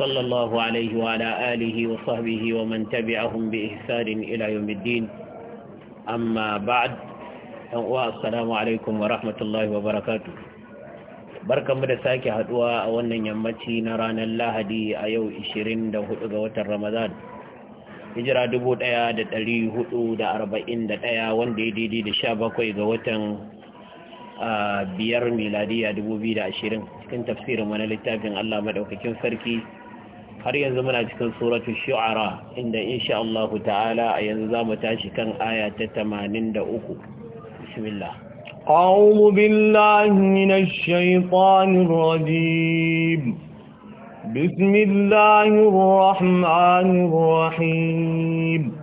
صلى الله عليه وعلى آله وصحبه ومن تبعهم بإحسان إلى يوم الدين أما بعد السلام عليكم ورحمة الله وبركاته barkan mu da sake haduwa a wannan yammaci na ranar lahadi a yau 24 ga watan ramadan hijira 1441 wanda ya daidai da 17 ga watan biyar miladiya 2020 cikin tafsirin wani littafin Allah maɗaukakin sarki har yanzu muna cikin suratul shu'ara inda insha Allah ta'ala a yanzu zamu tashi kan aya ta 83 bismillah a'udhu billahi minash shaitanir rajim bismillahir rahmanir rahim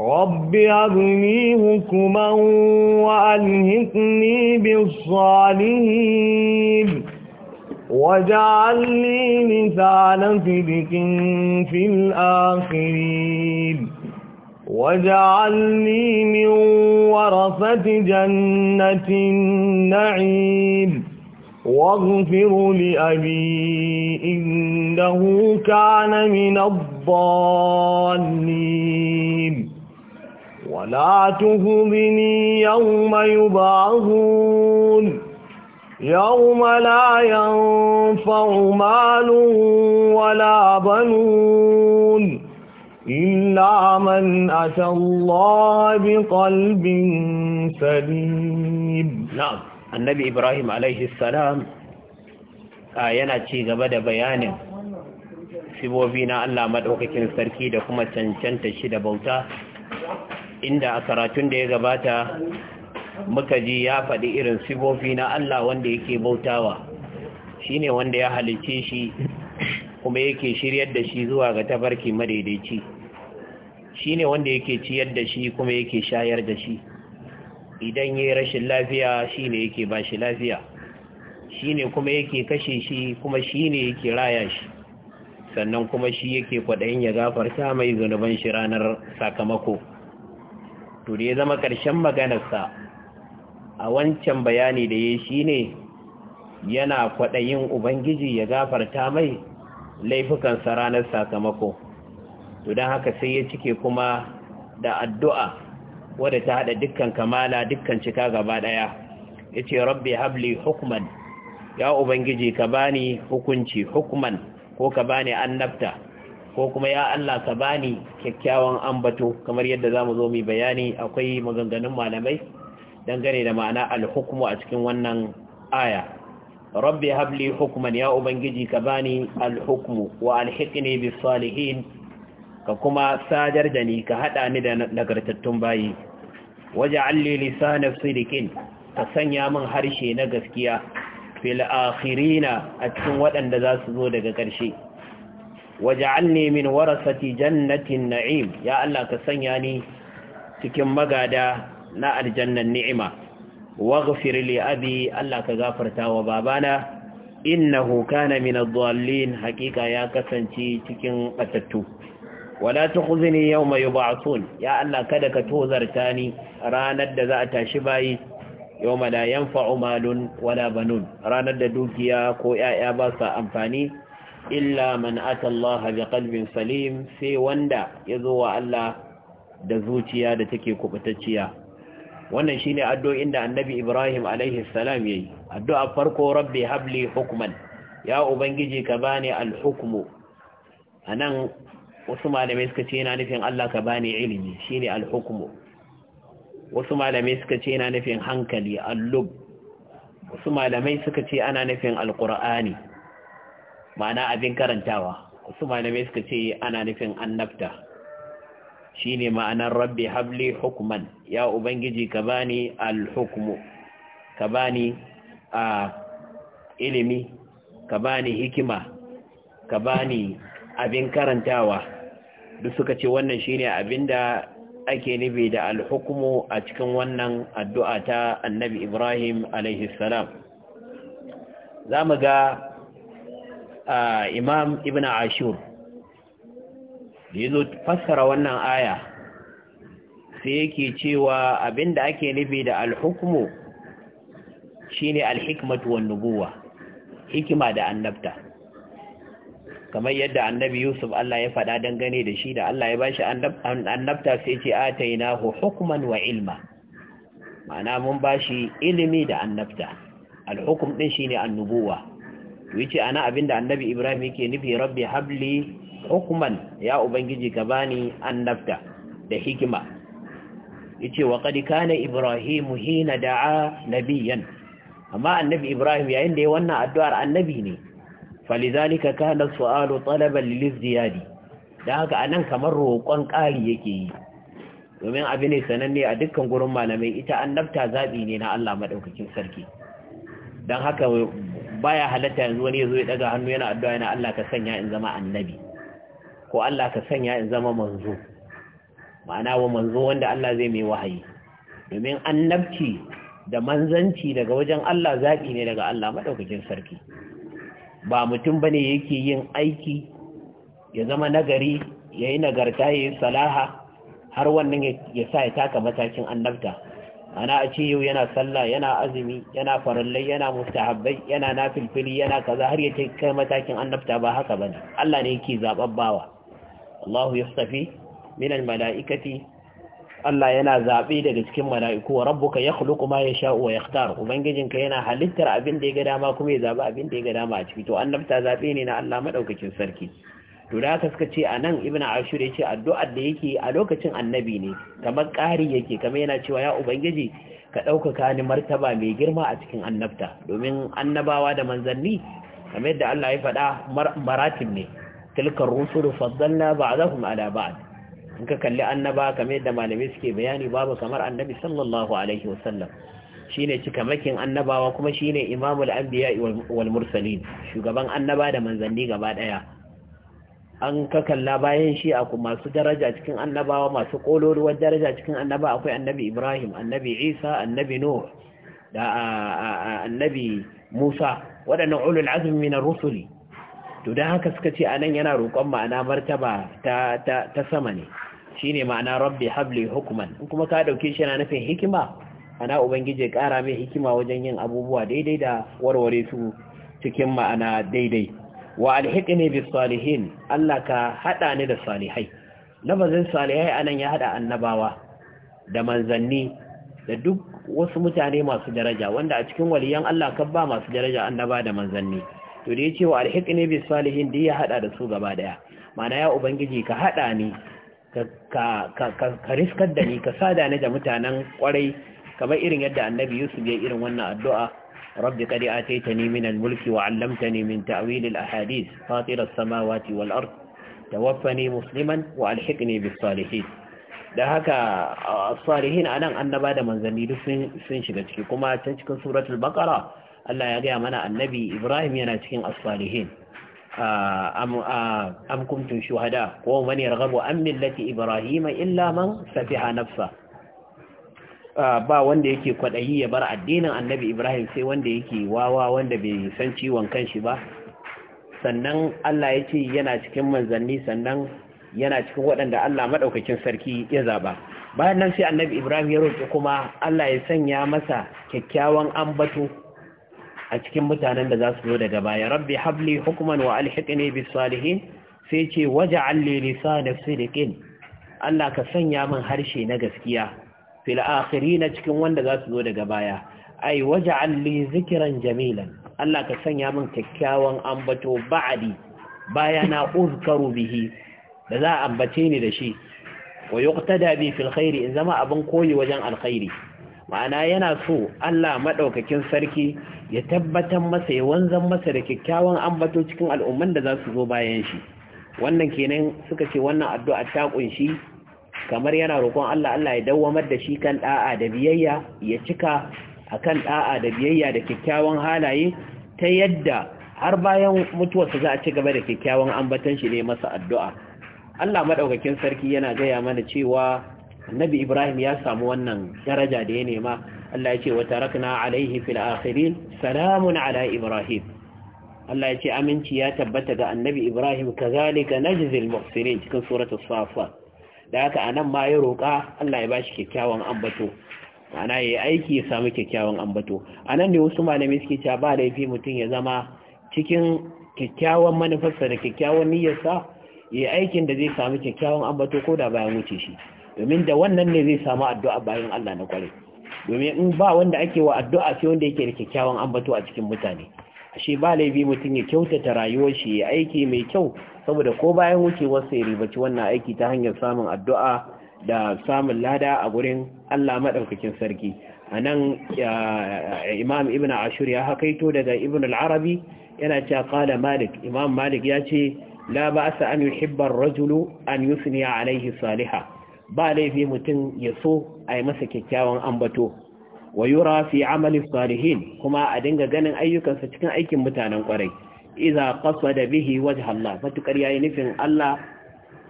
رب أبني هكما وألهقني بالصالحين وجعلني مثالا في بك في الآخرين واجعلني من ورثة جنة النعيم واغفر لأبي إنه كان من الضالين ولا تهضني يوم يبعثون Yau لا ينفع مال ولا بنون إلا من أتى الله بقلب سليم نعم النبي إبراهيم عليه yana ci gaba da bayanin sibobi na Allah maɗaukakin sarki da kuma cancanta shi da bauta inda a karatun da ya gabata muka ji ya faɗi irin sifofi na Allah wanda yake bautawa Shi ne wanda ya halice shi kuma yake shiryar da shi zuwa ga tabarki madaidaici ne wanda yake ciyar da shi kuma yake shayar da shi idan yayi rashin lafiya shi ne yake ba shi lafiya Shi ne kuma yake kashe shi kuma shi ne yake raya shi sannan kuma shi yake kwaɗayin ya gafarta mai zunuban shi ranar sakamako to da ya zama ƙarshen maganarsa a wancan bayani da ya shi ne yana kwaɗayin ubangiji ya gafarta mai laifukansa ranar sakamako to don haka sai ya cike kuma da addu'a wadda ta haɗa dukkan kamala dukkan cika gaba ɗaya ya ce rabbi habli hukman ya ubangiji ka bani hukunci hukman ko ka bani annabta ko kuma ya Allah ka bani kyakkyawan ambato kamar yadda za mu zo mai bayani akwai maganganun malamai dangane da ma'ana al a cikin wannan aya rabbi habli hukman ya ubangiji ka bani al-hukmu wa alhiqni bis salihin ka kuma sadar da ni ka hada ni da nagartattun bayi waj'al li lisana sidqin ka sanya min harshe na gaskiya fil akhirina a cikin waɗanda za su zo daga ƙarshe waj'alni min warasati jannatin na'im ya Allah ka sanya ni cikin magada na aljannan ni'ima waghfir li abi Allah ka gafarta wa babana innahu kana min adh hakika ya kasance cikin batattu wala tukhzini yawma yub'athun ya Allah kada ka tozarta ni ranar da za a tashi bayi yawma la yanfa'u malun wala banun ranar da dukiya ko yaya ba su amfani illa man ata Allah bi qalbin salim sai wanda yazo wa Allah da zuciya da take kubutacciya wannan shi ne addu'o'in da annabi Ibrahim alaihi salam yayi addu'a farko rabbi habli hukman ya ubangiji ka bani al A nan, wasu malamai suka ce yana nufin Allah ka bani ilimi shi ne hukmu wasu malamai suka ce yana nufin hankali al wasu malamai suka ce ana nufin al ma'ana abin karantawa wasu malamai suka ce ana nufin annabta Shi ne ma'anar rabbi habli hukman ya ubangiji ka bani al ka bani a ilimi ka bani hikima ka bani abin karantawa duk suka ce wannan shi shine abinda ake nufi da al a cikin wannan addu'a ta annabi Ibrahim alaihi Za mu ga imam ibn ashur da yazo fassara wannan aya sai yake cewa abinda ake nufi da al-hukmu shine al-hikmatu wan nubuwa hikima da annabta kamar yadda annabi Yusuf Allah ya faɗa dangane da shi da Allah ya bashi annabta sai ce atainahu hukman wa ilma ma'ana mun bashi ilimi da annabta al-hukm din shine annubuwa yace ana abinda annabi Ibrahim yake nufi rabbi habli hukman ya ubangiji ka bani annabta da hikima yace wa qad kana ibrahim hina da'a nabiyan amma annabi ibrahim yayin da ya wannan addu'ar annabi ne falizalika kana su'alu talaban lilziyadi da haka anan kamar roƙon ƙari yake yi domin abin ne sananne a dukkan gurin malamai ita annabta zabi ne na Allah madaukakin sarki don haka baya halatta yanzu wani ya zo ya ɗaga hannu yana addu'a yana Allah ka sanya in zama annabi ko Allah ka sanya in zama manzo ma'ana wa manzo wanda Allah zai mai wahayi domin annabci da manzanci daga wajen Allah zaɓi ne daga Allah maɗaukakin sarki ba mutum ba ne yake yin aiki ya zama nagari ya yi nagarta ya yi salaha har wannan ya sa ya taka matakin annabta ana a ce yau yana sallah yana azumi yana farallai yana mustahabbai yana nafilfili yana kaza har ya kai matakin annabta ba haka bane Allah ne yake zababbawa Allahu safi min mala'ikati. Allah yana zabe daga cikin mala'iku wa rabbuka yakhluqu ma yasha'u wa Ubangijin ka yana halittar abin da ya ga dama kuma ya zabi abin da ya ga dama a ciki to nafta zabe ne na Allah maɗaukacin sarki to da aka suka ce anan ibnu ashur yace addu'ar da yake a lokacin annabi ne kamar ƙari yake kamar yana cewa ya ubangiji ka ɗaukaka ni martaba mai girma a cikin annabta domin annabawa da manzanni kamar yadda Allah ya faɗa maratin ne tilkar rusulu faddalna ba'dahum ala ba'd in ka kalli annaba kamar yadda malamai suke bayani babu kamar annabi sallallahu alaihi wasallam shine cikamakin annabawa kuma shine imamul anbiya wal mursalin shugaban annaba da manzanni gaba daya an ka kalla bayan shi a masu daraja cikin annabawa masu kololuwar daraja cikin annaba akwai annabi Ibrahim annabi Isa annabi Nuh da annabi Musa waɗannan ulul azmi minar rusuli to don haka suka ce anan yana roƙon ma'ana martaba ta, ta, sama ne shine ma'ana rabbi habli hukman in kuma ka ɗauke shi yana nufin hikima ana ubangiji ƙara mai hikima wajen yin abubuwa daidai da warware su cikin ma'ana daidai wa alhiqni bis salihin Allah ka hada ni da salihai lafazin salihai anan ya hada annabawa da manzanni da duk wasu mutane masu daraja wanda a cikin waliyan Allah ka ba masu daraja annaba da manzanni to da ya ce wa alhiqni bis salihin da ya hada da su gaba daya mana ya ubangiji ka hada ni ka ka riskar da ni ka sada ni da mutanen kwarai kamar irin yadda annabi yusuf ya irin wannan addu'a rabbi qad ataytani min al-mulki wa 'allamtani min ta'wil al-ahadith fatir as-samawati wal ard tawaffani musliman wa alhiqni bis salihin da haka salihin anan annaba da manzanni duk sun shiga ciki kuma can cikin suratul baqara Allah ya gaya mana annabi Ibrahim yana cikin asfalihin am kumtun shuhada ko man yarghabu an millati Ibrahim illa man safiha nafsa ba wanda yake kwadayi ya bar addinin annabi Ibrahim sai wanda yake wawa wanda bai san ciwon kanshi ba sannan Allah ya ce yana cikin manzanni sannan yana cikin waɗanda Allah maɗaukakin sarki ya zaɓa bayan nan sai annabi Ibrahim ya roƙi kuma Allah ya sanya masa kyakkyawan ambato a cikin mutanen da za su zo daga baya rabbi habli hukman wa alhiqni bis salihin sai ce waj'al li lisana sidiqin Allah ka sanya min harshe na gaskiya fil akhirin cikin wanda za su zo daga baya ai waje li zikran jamilan Allah ka sanya min kyakkyawan ambato ba'di bayana uzkaru bihi da za a ambace ni da shi wa yuqtada bi fil khair in zama abin koyi wajen alkhairi ma'ana yana so Allah madaukakin sarki ya tabbatar masa ya wanzan masa da kyakkyawan ambato cikin al'umman da za su zo bayan shi wannan kenan suka ce wannan addu'a ta kunshi kamar yana roƙon Allah Allah ya dawwamar da shi kan da'a da biyayya ya cika akan da'a da biyayya da kyakkyawan halaye ta yadda har bayan mutuwarsa za a ci gaba da kyakkyawan ambaton shi ne masa addu'a Allah madaukakin sarki yana gaya mana cewa Annabi Ibrahim ya samu wannan daraja da ya nema Allah ya ce wa tarakna alaihi fil akhirin salamun ala ibrahim Allah ya ce aminci ya tabbata ga annabi ibrahim kazalika najzil muhsinin cikin suratul safa da haka anan ma ya roƙa Allah ya bashi kyakkyawan ambato ana yayi aiki ya samu kyakkyawan ambato anan ne wasu malamai suke cewa ba laifi mutum ya zama cikin kyakkyawan manufarsa da kyakkyawan niyyarsa yayi aikin da zai samu kyakkyawan ambato ko da bayan wuce shi domin da wannan ne zai samu addu'a bayan Allah na kwarai domin in ba wanda ake wa addu'a sai wanda yake da kyakkyawan ambato a cikin mutane ashe ba laifi mutum ya kyautata rayuwar shi ya aiki mai kyau saboda ko bayan wucewar sai ribaci wannan aiki ta hanyar samun addu'a da samun lada a gurin Allah madaukakin sarki anan Imam Ibn Ashur ya hakaito daga Ibn al-Arabi yana cewa qala Malik Imam Malik ya ce la ba'sa an yuhibba ar-rajulu an yusni alayhi salihah ba laifi mutum ya so a yi masa kyakkyawan ambato wa yura fi amali salihin kuma a dinga ganin ayyukansa cikin aikin mutanen kwarai idza qasada bihi wajh Allah matukar yayi nufin Allah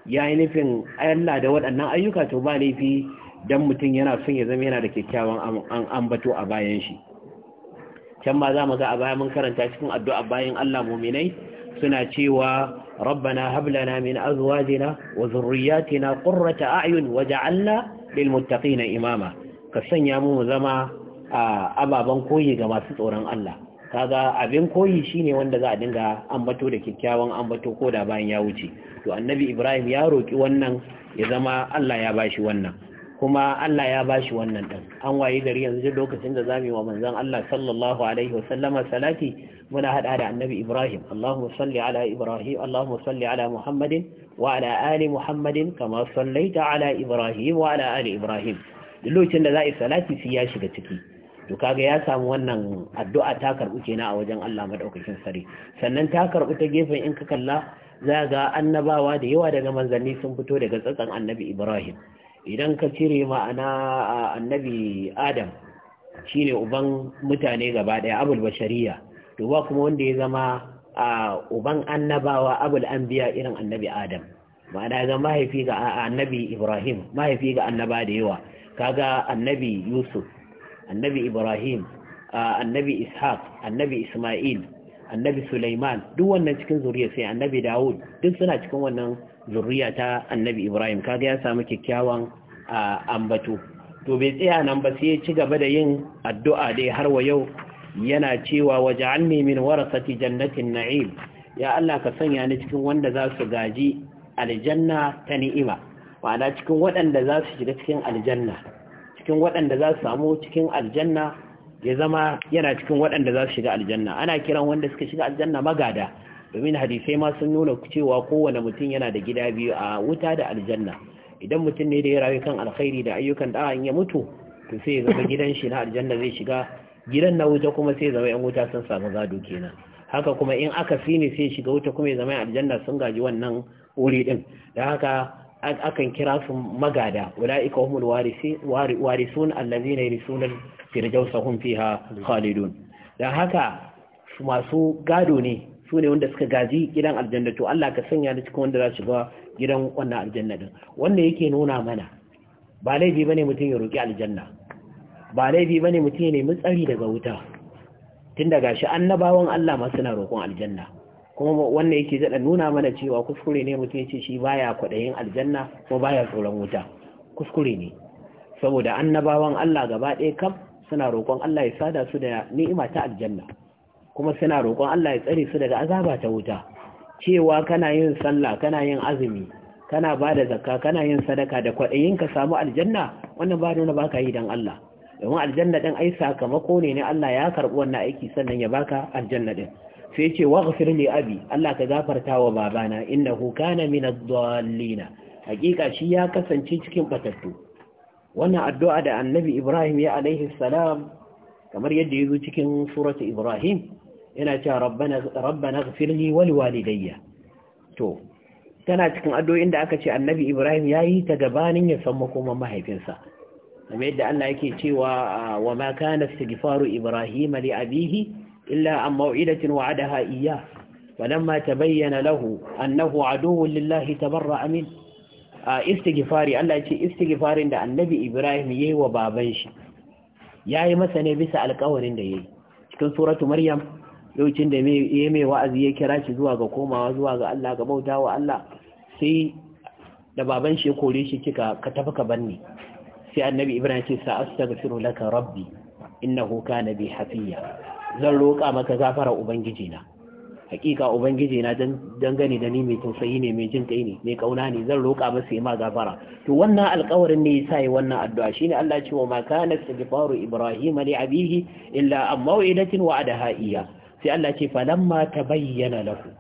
yayi nufin Allah da waɗannan ayyuka to ba laifi dan mutum yana son ya zama yana da kyakkyawan ambato a bayan shi can ba za mu ga a baya mun karanta cikin addu'a bayan Allah mu'minai suna cewa rabbana hablana min azwajina wa zurriyatina qurrata a'yun waj'alna lil muttaqina imama ka sanya mu zama ababan koyi ga masu tsoron Allah kaga abin koyi shine wanda za a dinga ambato da kikkiawan ambato koda bayan ya wuce to annabi Ibrahim ya roki wannan ya zama Allah ya bashi wannan kuma Allah ya bashi wannan ɗan an waye gari yanzu lokacin da zamu yi wa manzon Allah sallallahu alaihi wasallama salati muna hada da annabi Ibrahim Allahumma salli ala Ibrahim Allahumma salli ala Muhammadin wa ala ali Muhammadin kama sallaita ala Ibrahim wa ala ali Ibrahim duk lokacin da za yi salati sai ya shiga ciki to kaga ya samu wannan addu'a ta karbu kenan a wajen Allah madaukakin sare sannan ta karbu ta gefen in ka kalla za ga annabawa da yawa daga manzanni sun fito daga tsatsan annabi Ibrahim idan ka cire ma'ana annabi adam shine uban mutane gaba daya abul bashariya to ba kuma wanda ya zama a uban annabawa abul anbiya irin annabi adam ma'ana ga mahaifi ga annabi ibrahim mahaifi ga annaba da yawa kaga annabi yusuf annabi ibrahim annabi ishaq annabi isma'il annabi Sulaiman duk wannan cikin zuriya sai annabi Dawud duk suna cikin wannan zuriya ta annabi Ibrahim kaga ya samu kyakkyawan ambato to bai tsaya nan ba sai ya ci gaba da yin addu'a dai har wa yau yana cewa waj'alni min warasati jannatin na'im ya Allah ka sanya ni cikin wanda za su gaji aljanna ta ni'ima ma'ana cikin waɗanda za su shiga cikin aljanna cikin waɗanda za su samu cikin aljanna ya zama yana cikin waɗanda za su shiga aljanna ana kiran wanda suka shiga aljanna magada domin hadisai ma sun nuna cewa kowane mutum yana da gida biyu a wuta da aljanna idan mutum ne da ya rayu kan alkhairi da ayyukan da ya mutu to sai ya zama gidan shi na aljanna zai shiga gidan na wuta kuma sai zama yan wuta sun samu gado kenan haka kuma in aka fi ne sai shiga wuta kuma ya zama aljanna sun gaji wannan wuri din da haka akan kira su magada ulaika humul warisun allazina yarisuna firdausa fi ha khalidun don haka masu gado ne su ne wanda suka gaji gidan aljanna to Allah ka sanya da cikin wanda za shiga gidan wannan aljanna din wanda yake nuna mana ba laifi bane mutum ya roki aljanna ba laifi bane mutum ya nemi tsari daga wuta tun daga shi annabawan Allah ma suna roƙon aljanna kuma wannan yake daɗa nuna mana cewa kuskure ne mutum ce shi baya kwaɗayin aljanna ko baya tsoron wuta kuskure ne saboda annabawan Allah gaba ɗaya kam suna roƙon Allah ya sada su da ni'ima ta aljanna kuma suna roƙon Allah ya tsare su daga azaba ta wuta cewa kana yin sallah kana yin azumi kana ba da zakka kana yin sadaka da kwaɗayin ka samu aljanna wannan ba nuna baka yi dan Allah domin aljanna din ai sakamako ne ne Allah ya karɓi wannan aiki sannan ya baka aljanna din sai ce waghfir li abi Allah ka gafarta wa babana innahu kana min ad-dallina hakika shi ya kasance cikin batattu wannan addu'a da annabi Ibrahim ya alaihi salam kamar yadda yazo cikin suratu Ibrahim yana cewa rabbana rabbana ighfir li wa liwalidayya to tana cikin addu'o'in da aka ce annabi Ibrahim yayi ta gabanin ya san makoman mahaifinsa kamar yadda Allah yake cewa wa ma kana istighfaru Ibrahim li abihi إلا عن موعدة وعدها إياه فلما تبين له أنه عدو لله تبرأ منه istighfari Allah ce istighfarin da annabi Ibrahim yayi wa baban shi yayi masa ne bisa alƙawarin da yayi cikin suratu Maryam lokacin da yayi mai wa'azi ya kira shi zuwa ga komawa zuwa ga Allah ga bautawa Allah sai da baban shi ya kore shi kika ka tafi ka banni sai annabi Ibrahim ce sa astaghfiru laka rabbi kuka na bi hafiya zan roƙa maka gafara ubangiji na hakika ubangiji na dangane da ni mai tausayi ne mai jin kai ne mai kauna ne zan roƙa masa ya ma gafara to wannan alƙawarin ne yasa yi wannan addu'a shine Allah ya ce wa makana kana istighfaru ibrahim li abihi illa an maw'idatin wa'adaha iya sai Allah ce falamma tabayyana lahu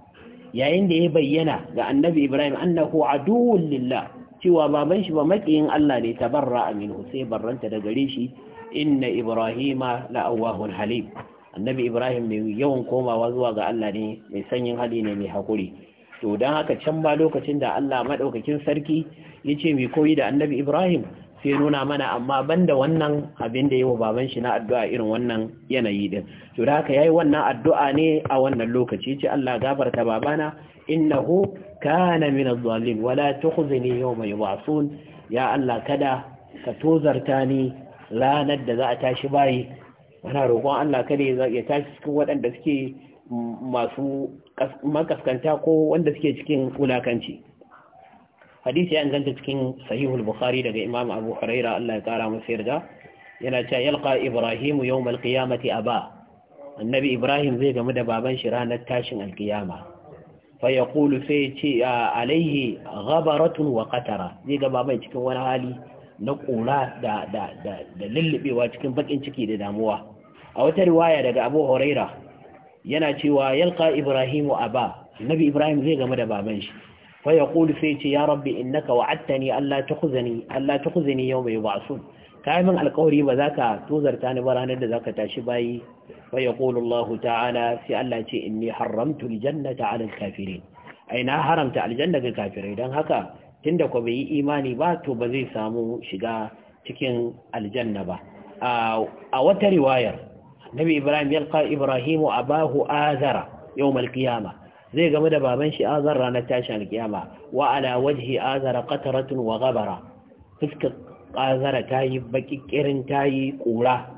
yayin da ya bayyana ga annabi ibrahim annahu aduwwun lillah cewa baban shi ba makiyin Allah ne tabarra aminu sai barranta da gare shi inna ibrahima la'awwahun halim annabi ibrahim mai yawan komawa zuwa ga Allah ne mai sanyin hali ne mai hakuri to don haka can ba lokacin da Allah madaukakin sarki yace mai koyi da annabi ibrahim sai nuna mana amma banda wannan abin da yawa baban shi na addu'a irin wannan yanayi din to da haka ya yi wannan addu'a ne a wannan lokaci yace Allah gabarta babana innahu kana min wala dhalin wala tukhzini yawma yub'athun ya Allah kada ka tozarta ni ranar da za a tashi bayi Ana roƙon Allah kada ya tashi cikin waɗanda suke masu makaskanta ko wanda suke cikin wulakanci hadisi ya inganta cikin sahihul bukhari daga imam abu huraira Allah ya kara masa yarda yana cewa yalqa ibrahim yawm alqiyamati aba annabi ibrahim zai gamu da baban shi ranar tashin alqiyama fa yaqulu sai ce alaihi ghabaratun wa qatara zai ga baban cikin wani hali na ƙura da da da da lullubewa cikin bakin ciki da damuwa a wata riwaya daga Abu Huraira yana cewa yalqa Ibrahimu aba Nabi Ibrahim zai game da baban shi fa yaqulu sai ce ya rabbi Allah ta alla takhuzani alla takhuzani yawma Ka yi min alƙawari ba ka tozarta ni ba ranar da za ka tashi bayi fa yaqulu Allah ta'ala sai Allah ce ni haramtu aljannata 'ala alkafirin ai na haramta aljanna ga kafirai dan haka tunda da bai yi imani ba to ba zai samu shiga cikin aljanna ba a wata riwayar nabi ibrahim yalqa ibrahimu abahu azara yau Malkiyama, zai game da baban shi azar ranar tashin alkiyama wa ala wajhi azara kataratun wa ghabara fuskar azara tayi bakikirin tayi kura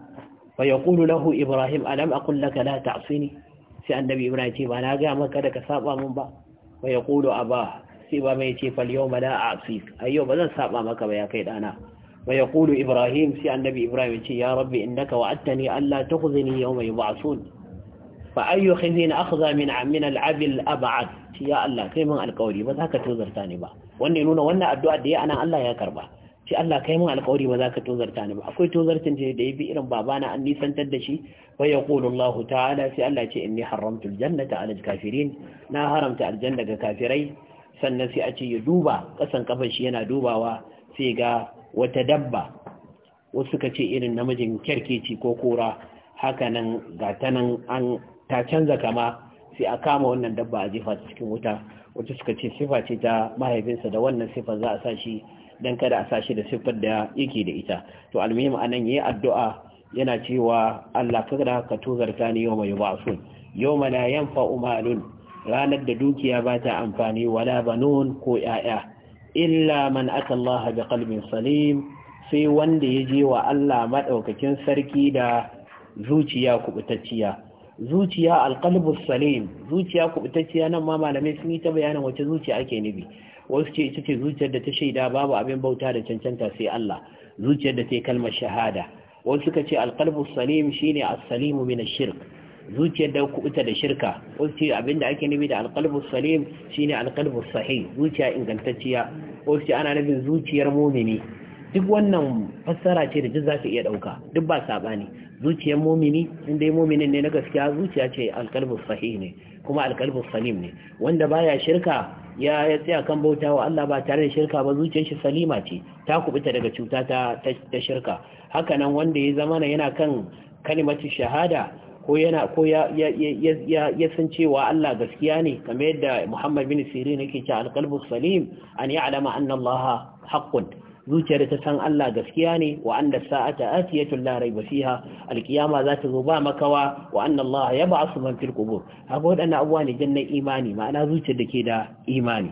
fa yaqulu lahu ibrahim alam a laka sai annabi ibrahim ce ba na gaya maka da ka saba mun ba fa yaqulu aba sai ba mai ce fal yau mana a asik ayyau ba zan saba maka ba ya kai dana wa ya kulu ibrahim sai annabi ibrahim ce ya rabbi innaka wa'adtani allah takhzini yawma yub'asun fa ayyu khizin akhza min Amina al-abil ab'ad ya allah kai min alƙawari ba za ka tozarta ni ba wanda ya nuna wannan addu'a da ya anan allah ya karba ce Allah kai mun alƙawari ba za ka tozarta ni ba akwai tozartin da ya bi irin babana an nisantar da shi wa yaqulu Allah ta'ala sai Allah ce inni haramtu aljannata 'ala alkafirin na haramta aljanna ga kafirai sannan sai a ce ya duba ƙasan ƙafan shi yana dubawa sai ga wata dabba wasu suka ce irin namijin kyarkeci ko kora hakanan ga ta nan an ta canza kama sai a kama wannan dabba a jefa ta cikin wuta wacce suka ce sifa ce ta mahaifinsa da wannan sifa za a sa shi don kada a sa shi da siffar da yake da ita to almuhim anan yi addu'a yana cewa Allah kada ka tozarta ni yawma yub'asun Yau mana yan fa'umalun ranar da dukiya ba ta amfani wala banun ko ‘ya'ya, illa man aka Allah da kalbin salim sai wanda ya je wa Allah maɗaukakin sarki da zuciya kubutacciya. Zuciya alƙalbus salim, zuciya kubutacciya nan ma malamai sun yi ta bayanin wace zuciya ake nubi, wasu ce ita ce zuciyar da ta shaida babu abin bauta da cancanta sai Allah, zuciyar da ta yi kalmar shahada. Wasu ka ce alƙalbus salim shine as-salimu min ash-shirk. zuciyar da ita da shirka abin abinda ake nufi da alqalbu salim shine alqalbu sahih zuciya ingantacciya ulti ana nufin zuciyar mumini duk wannan fassara ce da duk zaka iya dauka duk ba sabani zuciyar mumini in dai muminin ne na gaskiya zuciya ce alqalbu sahih ne kuma alqalbu salim ne wanda baya shirka ya ya tsaya kan bauta wa Allah ba tare da shirka ba zuciyar shi salima ce ta kubuta daga cuta ta ta shirka haka nan wanda ya zama yana kan kalimatu shahada ko yana ko ya ya san cewa Allah gaskiya ne kamar yadda Muhammad bin Sirin yake cewa al-qalbu salim an ya'lama anna Allah haqqun zuciyar ta san Allah gaskiya ne wa anna sa'ata atiyatu la rayba fiha al-qiyama za ta zo ba makawa wa anna Allah yab'asu man fil qubur haka wadannan abuwa ne jannan imani ma'ana zuciyar da ke da imani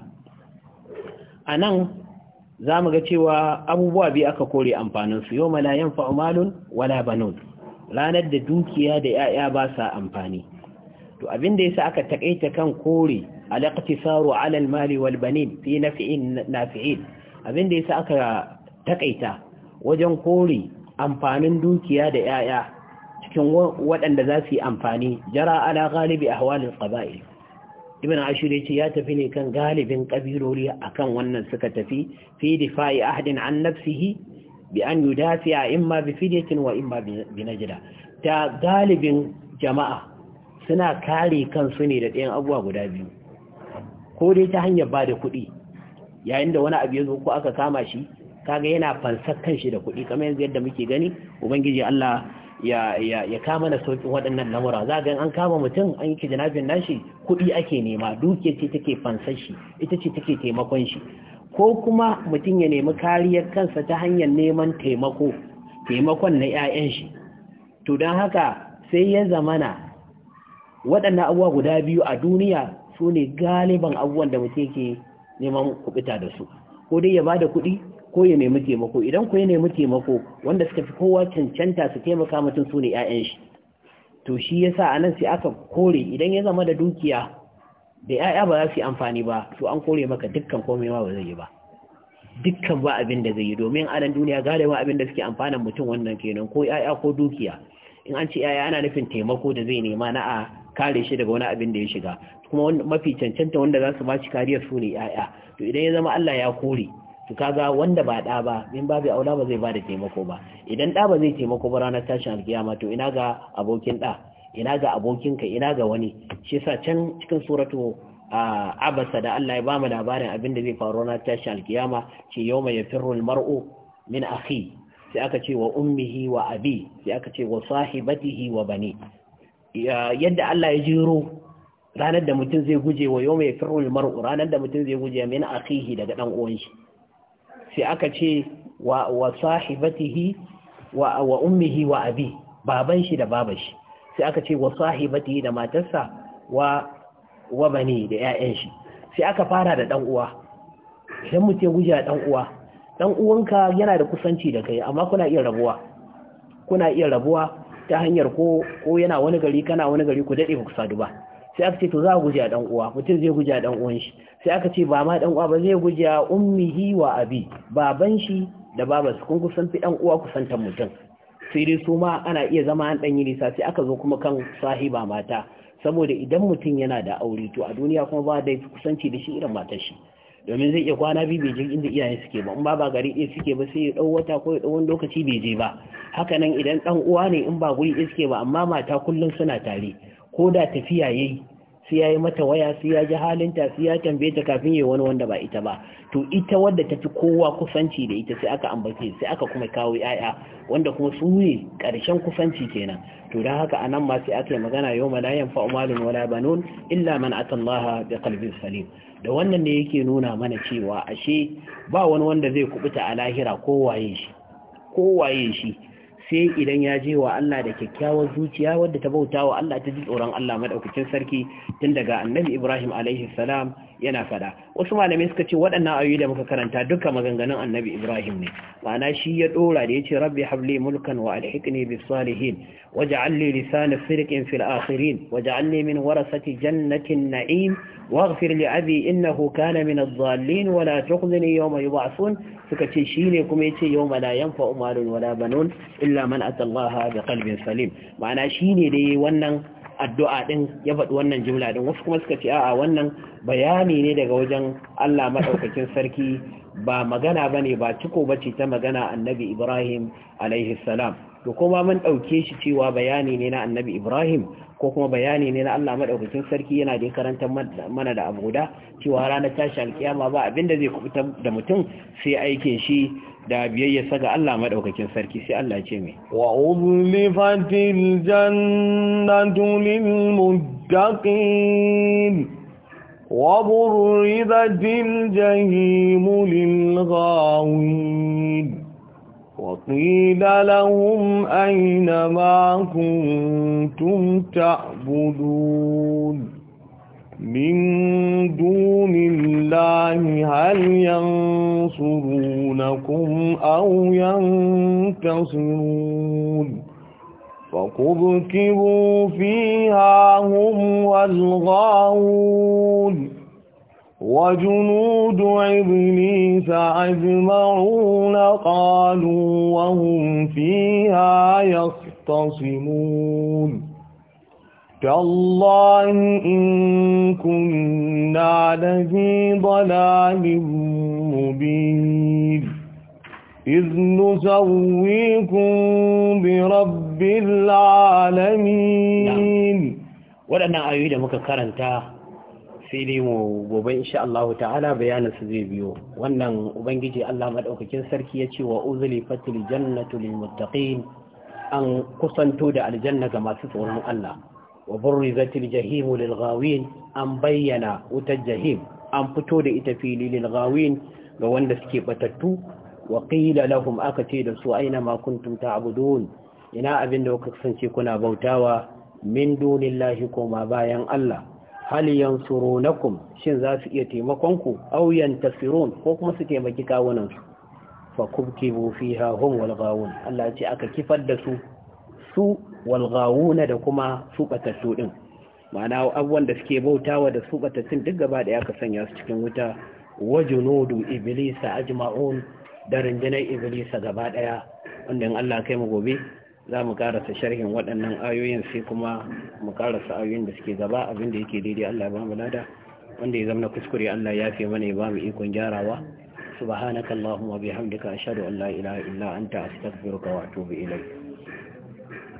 anan zamu ga cewa abubuwa bi aka kore amfanin su yawma la yanfa'u malun wala banun ranar da dukiya da 'ya'ya ba sa amfani to abin da yasa aka takaita kan kore al-iqtisaru 'ala al-mali wal banin fi naf'in nafi'in abin da yasa aka takaita wajen kore amfanin dukiya da 'ya'ya cikin waɗanda za su yi amfani jara ala galibi ahwalil qaba'il ibn ashir yace ya tafi ne kan galibin kabilori akan wannan suka tafi fi difa'i ahdin an nafsihi bi an in ma bi fidyatin wa ma bi najda ta galibin jama'a suna kare kansu ne da ɗayan abuwa guda biyu ko dai ta hanyar ba da kuɗi yayin da wani abu ya zo ko aka kama shi kaga yana fansar kanshi da kuɗi kamar yanzu yadda muke gani ubangiji Allah ya ya ya kama na saukin waɗannan lamura za ga an kama mutum an yi kijinabin nashi kuɗi ake nema dukiyar ce take fansar shi ita ce take taimakon shi ko kuma mutum ya nemi kariyar kansa ta hanyar neman taimako taimakon na 'ya'yan shi to don haka sai ya zamana waɗannan abuwa guda biyu a duniya su ne galiban abubuwan da mutum ke neman kubuta da su ko dai ya ba da kuɗi ko ya nemi taimako idan ku ya nemi taimako wanda suka fi kowa cancanta su taimaka mutum su ne 'ya'yan shi to shi ya yasa anan sai aka kore idan ya zama da dukiya da ‘ya'ya ba za su yi amfani ba to an kore maka dukkan komai ma ba zai yi ba dukkan ba abin da zai yi domin nan duniya galiba abin da suke amfanin mutum wannan kenan ko ‘ya'ya ko dukiya in an ce ‘ya'ya ana nufin taimako da zai nema na a kare shi daga wani abin da ya shiga kuma mafi cancanta wanda za su ba shi kariyar su ne ‘ya'ya to idan ya zama Allah ya kore to kaga wanda ba da ba in babu aula ba zai ba da taimako ba idan ɗa ba zai taimako ba ranar tashin alkiyama to ina ga abokin ɗa ina ga abokinka ina ga wani shi yasa can cikin suratu abasa da Allah ya bamu labarin abin da zai faru na tashi alkiyama ce yawma yafirru almar'u min akhi sai aka ce wa ummihi wa abi sai aka ce wa sahibatihi wa bani yadda Allah ya jiro ranar da mutum zai guje wa yawma yafirru almar'u ranar da mutum zai guje min akhihi daga dan uwan shi sai aka ce wa sahibatihi wa ummihi wa abi baban shi da baban shi sai aka ce wa sahibati da matarsa wa wa bani da ƴaƴan shi sai aka fara da dan uwa idan mu ce guje dan uwa dan uwanka yana da kusanci da kai amma kuna iya rabuwa kuna iya rabuwa ta hanyar ko ko yana wani gari kana wani gari ku dade ku sadu ba sai aka ce to za a guje dan uwa mutum zai guje dan uwan shi sai aka ce ba ma dan uwa ba zai guje ummihi wa abi baban shi da babansa kun kusan fi dan uwa kusantan mutum sai dai su ma ana iya zama an ɗanyi nisa sai aka zo kuma kan sahiba mata saboda idan mutum yana da aure to a duniya kuma ba da kusanci da shi irin matar shi domin zai iya kwana biyu bai je inda iyaye suke ba in ba ba gari ɗaya suke ba sai ya ɗau wata ko ya ɗau wani lokaci bai je ba haka nan idan ɗan uwa ne in ba guri ɗaya suke ba amma mata kullum suna tare ko da tafiya yayi sai ya yi mata waya sai ya ji halinta sai ya tambaye ta kafin yi wani wanda ba ita ba to ita wadda ta fi kowa kusanci da ita sai aka ambace sai aka kuma kawo yaya wanda kuma su ne ƙarshen kusanci kenan to don haka anan nan ma sai aka yi magana yau malayan fa'umalin wala banun illa man atallaha bi qalbin salim da wannan ne yake nuna mana cewa ashe ba wani wanda zai kubuta a lahira ko waye shi ko waye shi sai idan ya je wa Allah da kyakkyawar zuciya wadda ta bauta wa Allah ta ji tsoron Allah madaukakin sarki tun daga annabi Ibrahim alaihi salam yana fada wasu malamai suka ce waɗannan ayoyi da muka karanta duka maganganun annabi Ibrahim ne ma'ana shi ya dora da yace rabbi habli mulkan wa alhiqni bis salihin waj'al li lisana sirqin fil akhirin waj'alni min warasati jannatin na'im waghfir li abi innahu kana min adh-dhallin wa la tukhzini yawma yub'athun suka ce shine kuma yace yawma la yanfa'u wala banun illa illa man atallaha da kalbin salim ma'ana shi ne dai wannan addu'a din ya faɗi wannan jumla din wasu kuma suka ce a wannan bayani ne daga wajen Allah maɗaukakin sarki ba magana ne ba ciko ba ce ta magana annabi Ibrahim alaihi salam to kuma mun ɗauke shi cewa bayani ne na annabi ibrahim ko kuma bayani ne na allah maɗaukakin sarki yana da karanta mana da abu guda cewa ranar tashi alkiyama ba abinda zai kubuta da mutum sai aikin shi da biyayya saka allah maɗaukakin sarki sai allah ce mai wa uzlifatil jannatu lil muttaqin wa burridatil jahim lil ghawin وقيل لهم أين ما كنتم تعبدون من دون الله هل ينصرونكم أو ينتصرون فكبكبوا فيها هم والغاوون وجنود عبليس أجمعون قالوا وهم فيها يختصمون تالله إن كنا لفي ضلال مبين إذ نسويكم برب العالمين نعم. ولنا ayoyi da muka sai dai mu gobe insha Allah ta'ala bayanin su zai biyo wannan ubangiji Allah madaukakin sarki ya ce wa uzli fatil jannatu lil muttaqin an kusanto da aljanna ga masu tsoron Allah wa burrizatil jahim lil ghawin an bayyana wutar jahim an fito da ita fili lil ghawin ga wanda suke batattu wa qila lahum aka ce da su aina ma kuntum ta'budun ina abin da kuka kasance kuna bautawa min dunillahi koma bayan Allah hal yansurunakum shin za su iya taimakon ku aw yantasirun ko kuma su taimaki kawunan su fa kubkibu fiha hum wal ghawun Allah ya ce aka kifar da su su wal ghawuna da kuma su batattu din ma'ana abubuwan da suke bautawa da su batattun duk gaba da ka sanya su cikin wuta wajunudu iblisa ajma'un da rundunar iblisa gaba daya wanda in Allah kai mu gobe za mu karasa sharhin waɗannan ayoyin sai kuma mu karasa ayoyin da suke gaba abinda yake daidai Allah ya ba mu lada wanda ya zama kuskure Allah ya fi mana ya ba mu ikon gyarawa subhanakallahumma bihamdika ashhadu an la ilaha illa anta astaghfiruka wa atubu ilayk